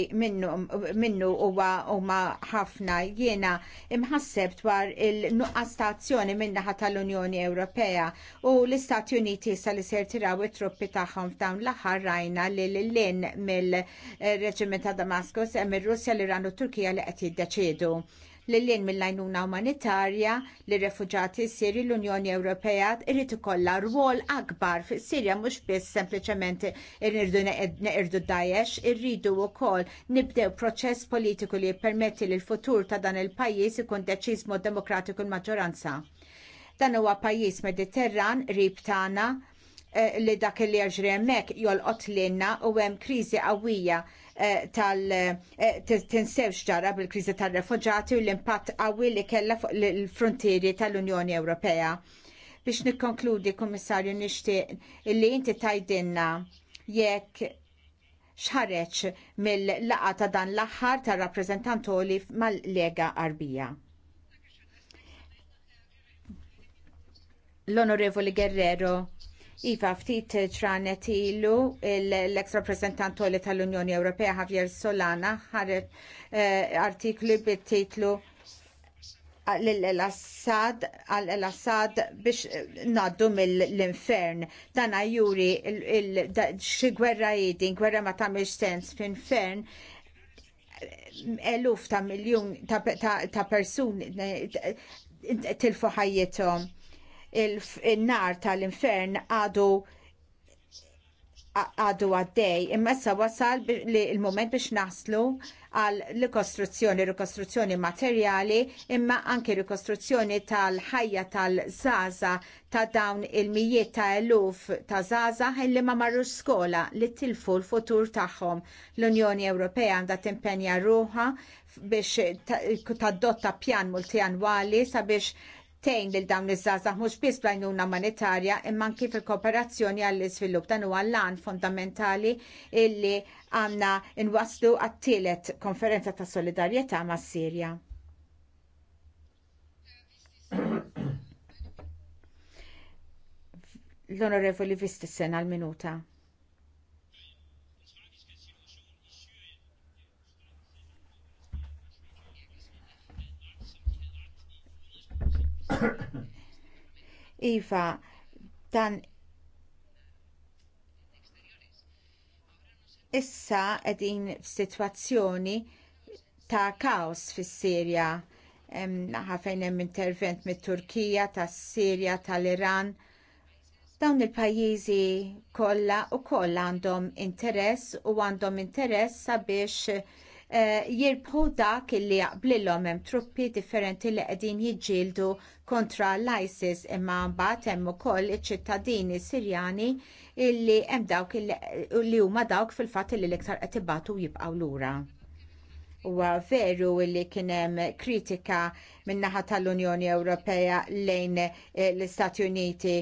minnu u huma ħafna jiena imħasseb dwar il-nuqqas ta' azzjoni min-naħa tal-Unjoni Ewropea u l-Istati Uniti sa li ser tiraw it-truppi tagħhom f'dawn l-aħħar rajna li l-lin mill-reġiment ta' Damaskus hemm ir-Russja li rannu u Turkija li qed jiddeċiedu l-lien mill lajnuna umanitarja li s Siri l-Unjoni Ewropea irrid ikollha rwol akbar fis Sirja mhux biss sempliċement irridu neqirdu Daesh, irridu wkoll nibdew proċess politiku li permetti li l-futur ta' dan il-pajjiż ikun deċizmu demokratiku l-maġġoranza dan huwa pajjiż mediterran qrib eh, li dak li jerġri hemmhekk jolqot lilna u hemm kriżi qawwija Eh, tal eh, tinsew xġara bil-kriżi tal-refugġati u l-impatt qawwi li kellha fuq l-frontieri tal-Unjoni Ewropea. Biex nikkonkludi, Kummissarju, nixtieq li inti tajdinna jekk xħareċ mill-laqa ta' dan l-aħħar tar rappreżentantoli mal-Lega Arbija. L-Onorevoli Guerrero Iva, ftit ċranet ilu l-ex rappresentantoli tal-Unjoni Ewropea Javier Solana ħaret eh, artiklu bit-titlu l-Assad għal-Assad biex eh, naddu mill-infern. Dan juri xi gwerra jidin, gwerra ma tamilx sens f'infern eluf ta' miljon ta', ta persuni eh, tilfu ħajjithom il-nar tal-infern għadu għadu għaddej, imma issa wasal il-moment biex naslu għal rikostruzzjoni, rikostruzzjoni materjali, imma anke rikostruzzjoni tal-ħajja tal-żaza ta' dawn il-mijiet ta' eluf ta' zaza li ma marrux skola li tilfu l-futur tagħhom. L-Unjoni Ewropea għandha timpenja ruħa biex tadotta pjan multijanwali sabiex tejn lil dawn iż-żgħażagħ mhux biss bl-għajnuna monetarja imma anki fil-kooperazzjoni għall-iżvilupp dan huwa l lan fundamentali illi għandna nwasslu għat-tielet konferenza ta' solidarjetà mas Sirja. L-Onorevoli Vistisen għal-minuta. iva, dan issa qegħdin f'sitwazzjoni ta' kaos fis-Sirja. Ħafejn hemm intervent mit-Turkija, tas-Sirja, tal-Iran. Dawn il-pajjiżi kollha u għandhom interess u għandhom interess sabiex Eh, jirbħu dak li jaqblilhom hemm truppi differenti li qegħdin jiġġieldu kontra l-ISIS imma mbagħad hemm ukoll iċ-ċittadini Sirjani illi hemm dawk li huma dawk fil-fatt li l-iktar qed ibatu jibqgħu lura huwa veru li kien hemm kritika min-naħa tal-Unjoni Ewropea lejn eh, l-Istati Uniti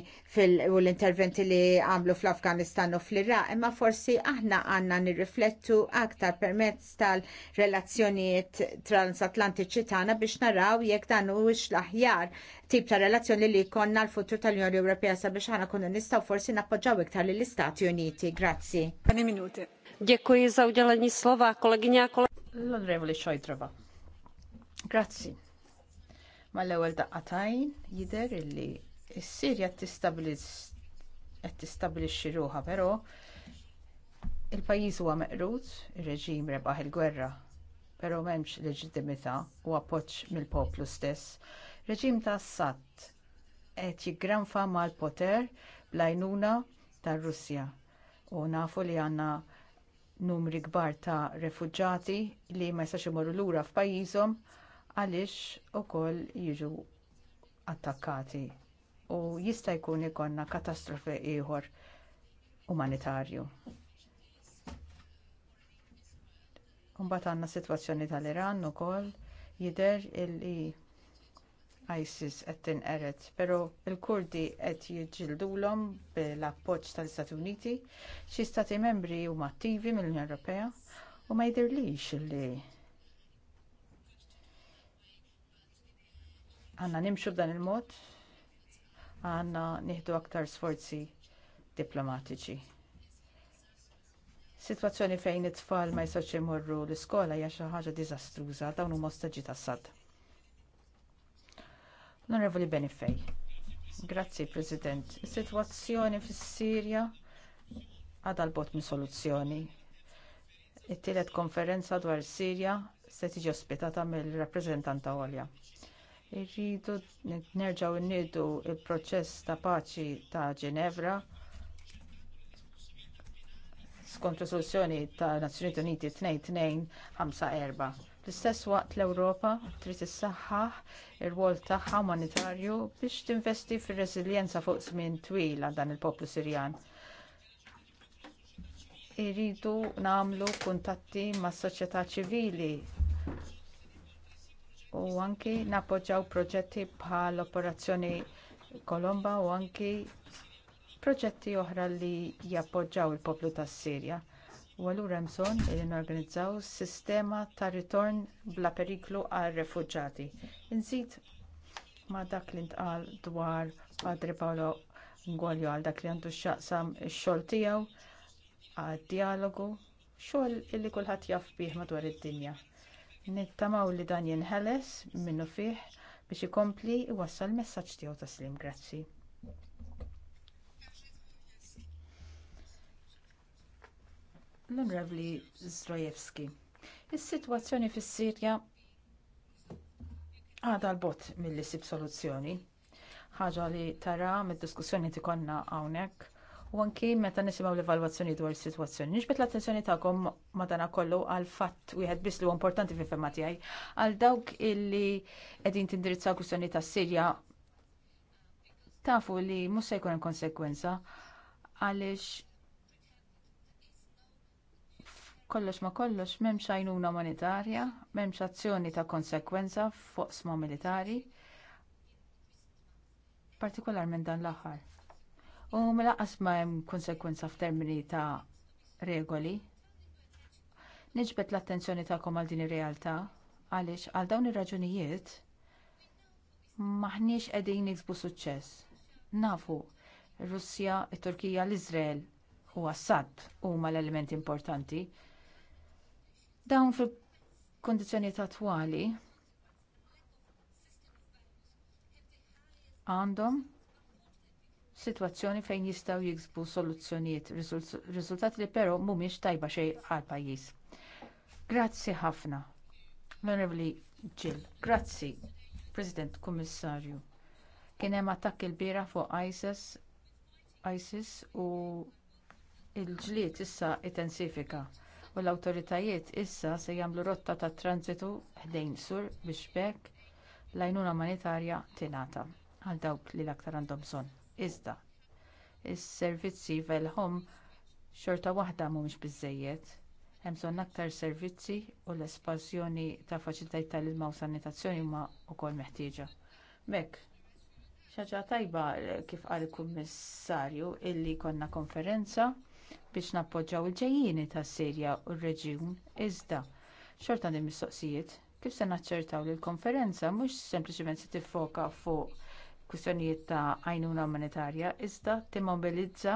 u l-interventi li għamlu fl-Afganistan u fl-Iraq, imma forsi aħna għandna nirriflettu aktar permezz tal-relazzjonijiet transatlantiċi tagħna biex naraw jekk dan huwiex l-aħjar tip ta' relazzjoni li jkollna l-futur tal-Unjoni Ewropea sabiex aħna kunu nistgħu forsi nappoġġaw iktar lill-Istati Uniti. Grazzi. Dziękuję za udzielenie słowa, kolegynia, kolegi. L-Onorevoli Xojtrova. Grazzi. Mal-ewwel daqqatajn jidher illi s-Sirja qed tistabbilixxi ruħha però il-pajjiż huwa meqrut, ir-reġim rebaħ il-gwerra, però m'hemmx leġittimità u appoġġ mill-poplu stess. Reġim ta' s-satt qed jiggranfa mal-poter bl-għajnuna tar-Russja u nafu li għandna numri kbar ta' refuġġati li ma jistax imorru lura f'pajjiżhom għaliex ukoll jiġu attakkati u jista' jkun ikollna katastrofi ieħor umanitarju. Mbagħad għandna sitwazzjoni tal-Iran ukoll jidher li. ISIS qed tinqered, però l kurdi qed jiġġildulhom bil-appoġġ tal-Istati Uniti, xi stati membri huma attivi mill-Unjoni Ewropea u ma jidhirlix li għandna nimxu b'dan il-mod, għandna nieħdu aktar sforzi diplomatiċi. Sitwazzjoni fejn it-tfal ma jistax imorru l-iskola hija xi ħaġa diżastruża dawn huma ostaġġi tas-sadd. L-Onorevoli Benifej. Grazzi, President. Is-sitwazzjoni fis-Sirja għadha l-bot minn soluzzjoni. It-tielet konferenza dwar Sirja se tiġi ospitata mill-rappreżentanta għolja. Irridu nerġaw nniedu l proċess ta' paċi ta' Ginevra skont risoluzzjoni ta' Nazzjonijiet Uniti 2254 Fl-istess waqt l-Ewropa trid issaħħaħ ir-rwol tagħha umanitarju biex tinvesti fir-reżiljenza fuq żmien twil għal dan il-poplu Sirjan. Iridu nagħmlu kuntatti mas-soċjetà ċivili u anki nappoġġjaw proġetti bħal operazzjoni Kolomba u anki proġetti oħra li jappoġġaw il-poplu tas-Sirja. U allura hemm bżonn li norganizzaw sistema ta' ritorn bla periklu għar refuġġati. Inżid ma' dak li ntqal dwar Padre Paolo Ngolju għal dak li għandu x'jaqsam ix-xogħol tiegħu għad-dialogu, xogħol illi kulħadd jaf bih madwar id-dinja. Nittamaw li dan jinħeles minnu fih biex ikompli iwassal messaġġ tiegħu taslim. Grazzi. l-Onorevli Zdrojewski. Is-sitwazzjoni fis-Sirja għadha l-bot mill sib soluzzjoni. Ħaġa li tara mid-diskussjoni ti konna hawnhekk u anki meta nisimgħu l-evalwazzjoni dwar is-sitwazzjoni. Nixbet l-attenzjoni tagħkom kollu għal fatt wieħed biss li huwa importanti fi femma tiegħi għal dawk illi qegħdin tindirizzaw kwistjoni tas-Sirja tafu li mhux se jkun hemm konsegwenza għaliex kollox ma kollox m'hemmx għajnuna monetarja, m'hemmx azzjoni ta' konsekwenza fuq sma militari, partikolarment dan l-aħħar. U milaqqas ma hemm konsekwenza f'termini ta' regoli. Niġbet l-attenzjoni tagħkom għal din ir-realtà għaliex għal dawn ir-raġunijiet maħniex qegħdin niksbu suċċess. Nafu, Russja, it-Turkija, l-Iżrael u Assad huma l-elementi importanti Dawn fil kundizzjonijiet attwali għandhom sitwazzjoni fejn jistgħu jiksbu soluzzjonijiet, riżultati li però mhumiex tajba xejn għall pajjiż. Grazzi ħafna. L-Onorevoli Ġil, grazzi, President Kummissarju. Kien hemm attakk il-bira fuq ISIS, ISIS u l ġlied issa intensifika u l-awtoritajiet issa se jagħmlu rotta tat transitu ħdejn sur biex bekk l-għajnuna umanitarja tingħata għal dawk li l-aktar għandhom bżonn. Iżda, is-servizzi velhom xorta waħda mhumiex biżżejjed. Hemm bżonn aktar servizzi u l-espansjoni ta' faċilitajiet tal-ilma u sanitazzjoni huma wkoll meħtieġa. B'hekk, xaġa tajba kif qal il-Kummissarju illi konna konferenza biex nappoġġaw il-ġejjieni tas-Sirja u r-reġjun iżda. Xorta din mistoqsijiet kif se naċċertaw li l-konferenza mhux sempliċement se tiffoka fuq kwistjonijiet ta' għajnuna umanitarja iżda timmobilizza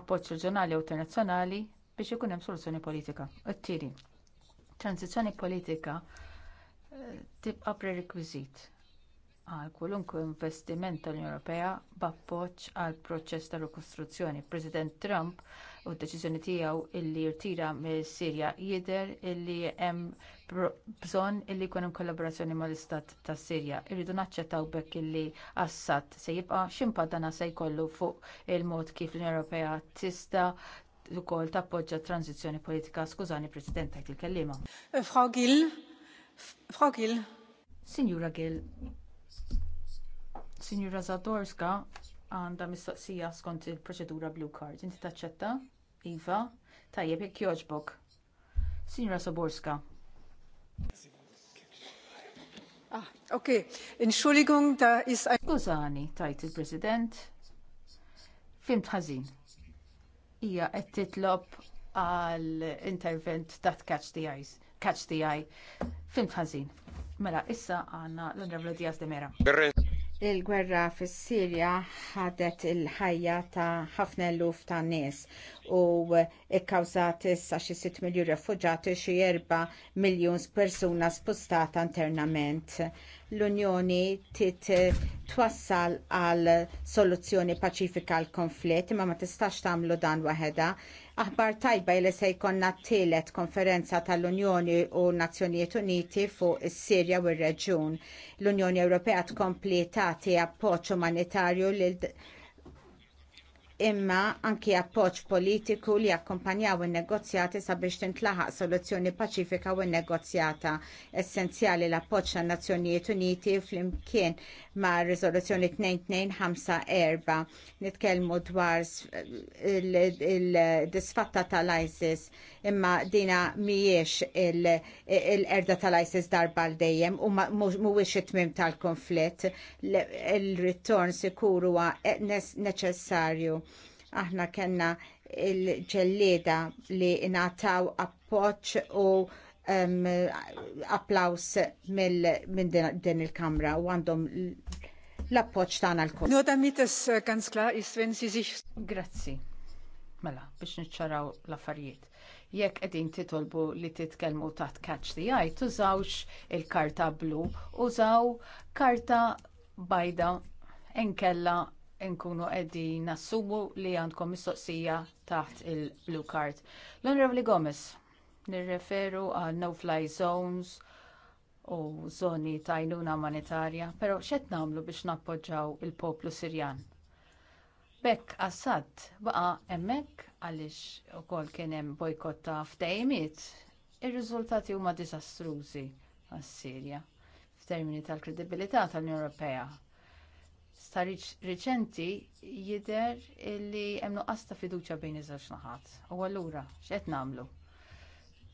appoġġ reġjonali u internazzjonali biex ikun hemm soluzzjoni politika. It-tieni, politika eh, tibqa' prerekwiżit għal kolunkwe investiment tal-Unjoni Ewropea b'appoġġ għal proċess ta' rikostruzzjoni. President Trump u d-deċiżjoni tiegħu illi jirtira mis Sirja jidher illi hemm bżonn illi jkun hemm kollaborazzjoni mal-Istat tas Sirja. Irridu naċċettaw bekk illi Assad se jibqa' x'impadana se jkollu fuq il-mod kif l-Unjoni Ewropea tista' ukoll tappoġġa t tranzizzjoni politika. Skużani, President, tajt il-kellima. Eh, Frau Gil, Frau Gil, Signora Gill. Signora Zadorska għandha mistoqsija skont il-proċedura Blue Card. Inti taċċetta? Iva? Tajjeb jekk jogħġbok. Signora Saborska. Ah, ok. Entschuldigung, da Skużani, tajt il-President. Fim tħazin. Ija qed titlob għal intervent tat catch the eyes. Catch the eye. Fim tħazin. Mela, issa għanna l-Onorevole Diaz de Mera. Il-gwerra fis sirja ħadet il-ħajja ta' ħafna eluf ta' nies u ikkawżat issa xi 6 miljun refuġati xi 4 miljun persuna spostata internament. L-Unjoni tit twassal għal soluzzjoni paċifika għall konflitt imma ma tistax tagħmlu dan waħedha Aħbar tajba li se jkollna t-tielet konferenza tal-Unjoni u Nazzjonijiet Uniti fuq is-Sirja u r-Reġjun. L-Unjoni Ewropea tkompli tagħti appoġġ umanitarju li imma anki appoġġ politiku li jakkompanjaw in-negozjati sabiex tintlaħaq soluzzjoni paċifika u negozjata essenzjali l-appoġġ tan Nazzjonijiet Uniti flimkien ma' rizoluzzjoni 2254 nitkelmu dwar il-disfatta tal-ISIS imma dina miex il-erda tal-ISIS darba l-dejjem u mhuwiex it mim tal-konflitt il-ritorn sikuru huwa neċessarju. Aħna kellna il-ġellieda li ingħataw appoġġ u applaus minn din il-kamra u għandhom l-appoċ tagħna l-kol. Nota mites äh, ganz klar jiswen wenn sie Grazzi. Mela, biex niċċaraw l-affarijiet. Jekk qegħdin titolbu li titkellmu taħt catch the eye, tużawx il-karta blu, użaw karta bajda enkella nkunu qegħdin nassumu li għandkom mistoqsija taħt il-blue card. L-Onorevoli Gomez nirreferu għal no-fly zones u zoni ta' għajnuna umanitarja, pero xed namlu biex nappoġġaw il-poplu Sirjan. Bekk Assad baqa emmek għalix u kol kienem bojkotta ta' ftejmiet, ir-riżultati huma diżastrużi għas-Sirja f'termini tal-kredibilità tal-Unjoni Ewropea. Sta riċenti jidher li hemm nuqqas ta' fiduċja bejn iż-żewġ naħat. U allura x'qed nagħmlu?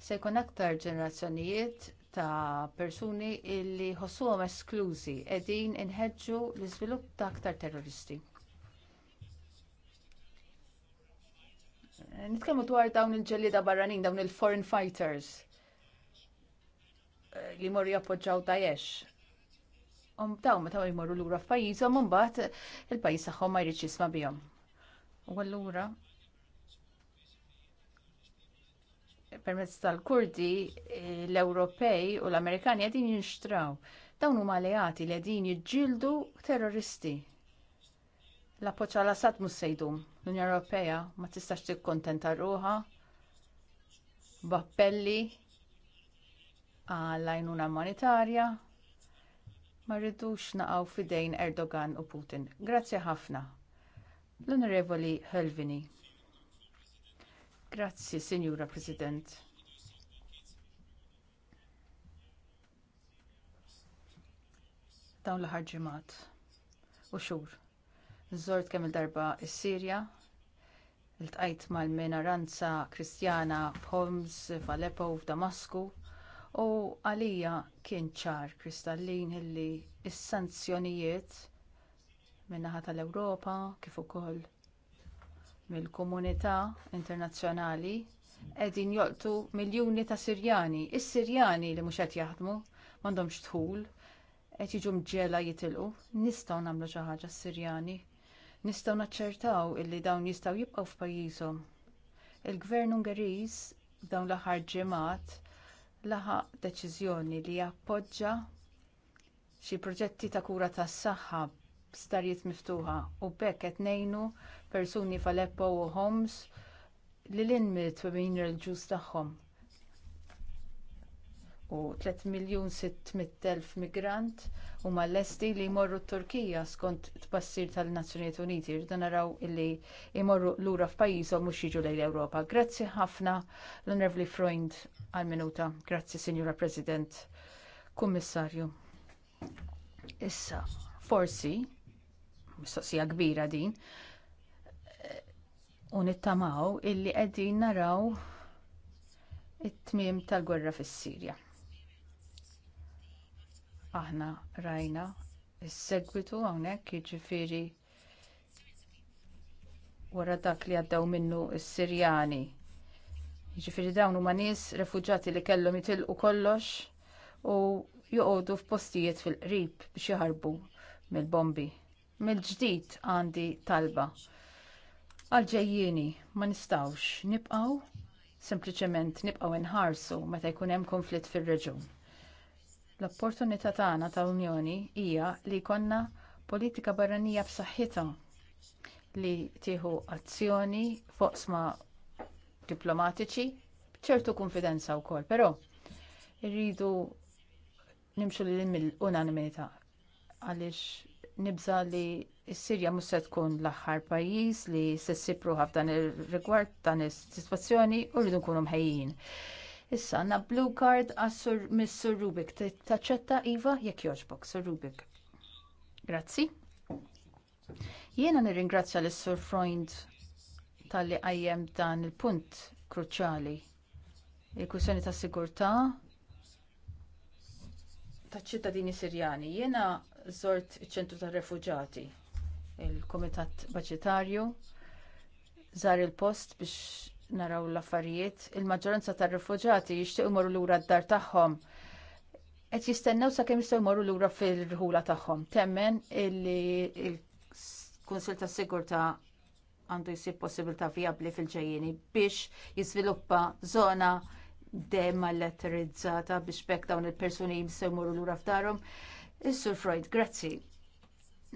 se jkun aktar ġenerazzjonijiet ta' persuni illi ħossuhom esklużi qegħdin inħeġġu l-iżvilupp ta' aktar terroristi. Nitkellmu dwar dawn il-ġellieda barranin, dawn il-foreign fighters eh, li morru jappoġġaw Daesh. Um daw meta jmorru lura f'pajjiżhom mbagħad il-pajjiż tagħhom ma jridx jisma' bihom. U allura permezz tal-Kurdi eh, l-Ewropej u l-Amerikani qegħdin jinxtraw. Dawn huma alleati li għedin jġildu terroristi. L-appoġġ għal Assad mhux sejdum. l unja Ewropeja ma tistax tikkontenta ruha b'appelli għal għajnuna monetarja. ma rridux naqgħu fidejn Erdogan u Putin. Grazzi ħafna. L-Onorevoli Helvini. Grazzi, Signora President. Dawn l-aħħar ġimgħat u xhur. Żort kemm il-darba is-Sirja, iltqajt mal-minoranza Kristjana f'Homs, f'Aleppo, f'Damasku u għalija kien ċar kristallin illi s-sanzjonijiet min-naħa tal-Ewropa kif ukoll mill-komunità internazzjonali qegħdin jolqtu miljuni ta' Sirjani. Is-Sirjani li mhux qed jaħdmu m'għandhomx dħul qed jiġu mġela jitilqu, nistgħu nagħmlu xi ħaġa s-Sirjani. Nistgħu naċċertaw illi dawn jistgħu jibqgħu f'pajjiżhom. Il-Gvern Ungeriż dawn l-aħħar ġimgħat laħaq deċiżjoni li jappoġġa xi proġetti ta' kura tas-saħħa b'starijiet miftuħa u b'hekk qed ngħinu persuni f'Aleppo u Homs li l-inmit bejn il-ġus tagħhom. U 3 miljun 600.000 migrant huma lesti li jmorru t-Turkija skont tbassir tal-Nazzjonijiet Uniti irda naraw illi jmorru lura f'pajjiżhom mhux jiġu lejn Ewropa. Grazzi ħafna l-Onorevoli Freund għal-minuta. Grazzi Sinjura President. Kummissarju. Issa, forsi, mistoqsija kbira din, u nittamaw illi qegħdin naraw it-tmiem tal-gwerra fis-Sirja. Aħna rajna s-segwitu hawnhekk jiġifieri wara dak li għaddew minnu s-Sirjani. Jiġifieri dawn huma nies refuġati li kellhom jitilqu kollox u joqogħdu f'postijiet fil-qrib biex jaħarbu mill-bombi. Mill-ġdid għandi talba għalġejjieni ma nistawx nibqaw sempliċement nibqaw inħarsu meta jkun hemm konflitt fir-reġun. L-opportunità tagħna tal-Unjoni hija li jkollna politika barranija b'saħħitha li tieħu azzjoni foqsma diplomatiċi b'ċertu konfidenza wkoll, però rridu nimxu lil mill-unanimità għaliex nibża li s sirja mhux se tkun l-aħħar pajjiż li se sipru f'dan ir-rigward dan is-sitwazzjoni u rridu nkunu mħejjin. Issa għandna blue card għassur miss mis Rubik. Taċċetta Iva jekk jogħġbok, sir Rubik. Grazzi. Jiena nirringrazzja lis sur Freund talli qajjem dan il-punt kruċjali. il kussjoni tas sigurtà taċ ċittadini Sirjani. Jena zort ċentru tar refuġati il-Komitat Baċitarju żar il-post biex naraw l-affarijiet. Il-maġġoranza tar refuġati jixtiequ jmorru lura d-dar tagħhom. Qed jistennew sakemm jistgħu jmorru lura fil-rħula tagħhom. Temmen illi il-Kunsil tas Sigurtà għandu jsir possibilità vijabbli fil-ġejjeni biex jiżviluppa żona dejjem letterizzata biex bekk dawn il-persuni jmorru lura f'darhom. Is-Sur Freud, grazzi.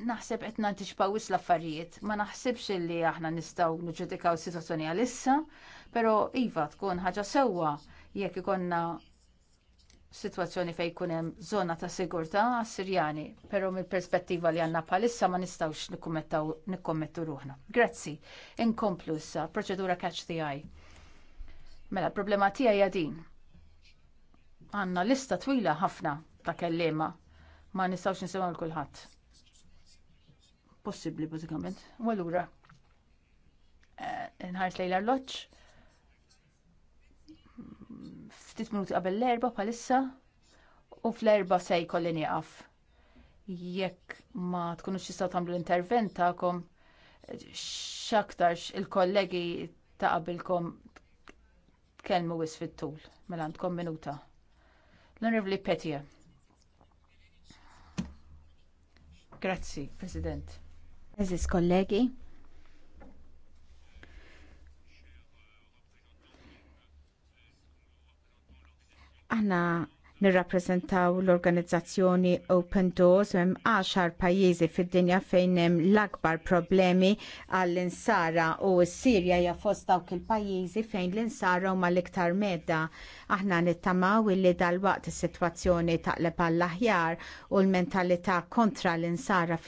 Naħseb qed nantiċpaw is l-affarijiet, ma naħsibx li aħna nistgħu niġġudikaw is-sitwazzjoni għalissa, però iva tkun ħaġa sewwa jekk ikonna sitwazzjoni fejn jkun hemm żona ta' sigurtà għas-Sirjani, però mill-perspettiva li għandna bħalissa ma nistgħux nikkommettu ruħna. Grazzi, inkomplu issa, proċedura catch the eye. Mela, problema tiegħi hija din. Għandna lista twila ħafna ta' kelliema ma nistgħux nisimaw l-kulħadd. Possibbli bazzikament. U allura eh, nħares lejla l loċ Ftit minuti qabel l-erba bħalissa u fl-erba se jkolli nieqaf. Jekk ma tkunux jistaw tagħmlu l-intervent tagħkom x'aktarx il-kollegi ta' qabilkom kelmu wis fit-tul mela għandkom minuta. L-Onorevoli Petia. Grazzi, President. Eżis kollegi. Aħna nirrappreżentaw l-organizzazzjoni Open Doors hemm 10 pajjiżi fid-dinja fejn hemm l-akbar problemi għall-insara u s-Sirja hija fost dawk il-pajjiżi fejn l-insara huma l-iktar medda. Aħna nittamaw illi dalwaqt is-sitwazzjoni taqleb għall-aħjar u l-mentalità kontra l-insara